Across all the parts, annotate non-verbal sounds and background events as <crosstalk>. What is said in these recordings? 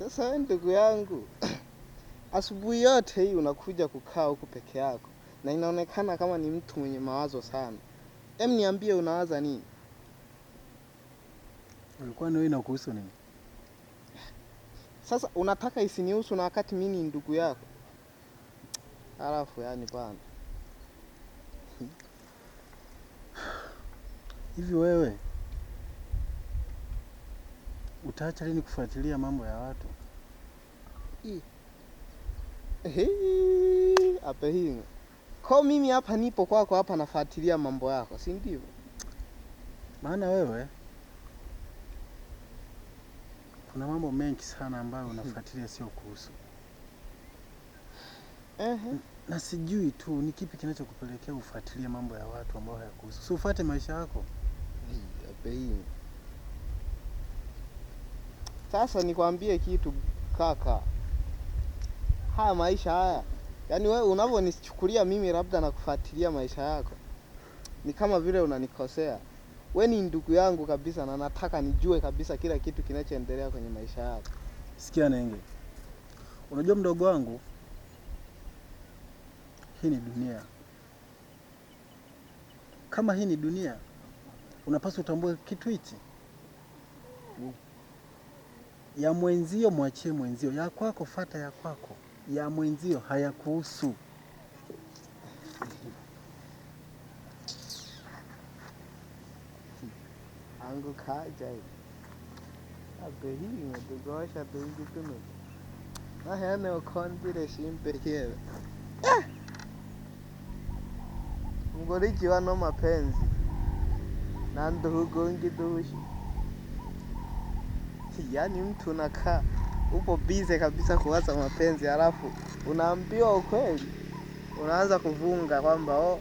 Sasa wewe ndugu yangu, <clears throat> asubuhi yote hii unakuja kukaa huku peke yako, na inaonekana kama ni mtu mwenye mawazo sana. Em, niambie unawaza nini? Ulikuwa wewe inakuhusu nini? Sasa unataka isinihusu na wakati mimi ni ndugu yako? Alafu yani bwana. Hivi wewe Utaacha lini kufuatilia mambo ya watu? Ape ko mimi hapa nipo kwako, kwa hapa nafuatilia mambo yako, si ndivyo? Maana wewe kuna mambo mengi sana ambayo hmm. unafuatilia sio kuhusu na sijui tu ni kipi kinachokupelekea ufuatilie mambo ya watu ambao hayakuhusu. Si ufuate maisha yako. Ape sasa nikwambie kitu kaka, haya maisha haya, yaani wewe unavyonichukulia mimi labda nakufuatilia maisha yako, ni kama vile unanikosea. We ni ndugu yangu kabisa, na nataka nijue kabisa kila kitu kinachoendelea kwenye maisha yako. Sikia Nenge, unajua mdogo wangu, hii ni dunia. Kama hii ni dunia, unapaswa utambue kitu hichi ya mwenzio mwachie mwenzio, ya kwako fata ya kwako, ya mwenzio hayakuhusu. angu kha jaye abehi nimetugoosha tuigitunu ahene ukhondire shimpehieve eh! ngorikiwa no mapenzi nanduhugungi dushi yaani mtu unakaa upo bize kabisa kuwaza mapenzi, halafu unaambiwa ukweli, unaanza kuvunga kwamba oh,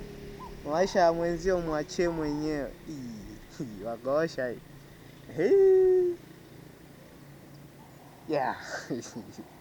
maisha ya mwenzio mwachie mwenyewe. <laughs> Wagoosha hii yeah <laughs>